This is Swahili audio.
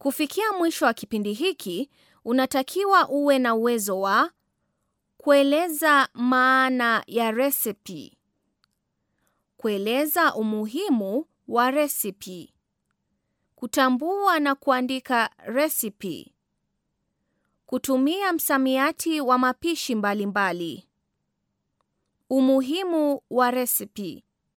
Kufikia mwisho wa kipindi hiki, unatakiwa uwe na uwezo wa kueleza maana ya resipi, kueleza umuhimu wa resipi, kutambua na kuandika resipi, kutumia msamiati wa mapishi mbalimbali. Umuhimu wa resipi.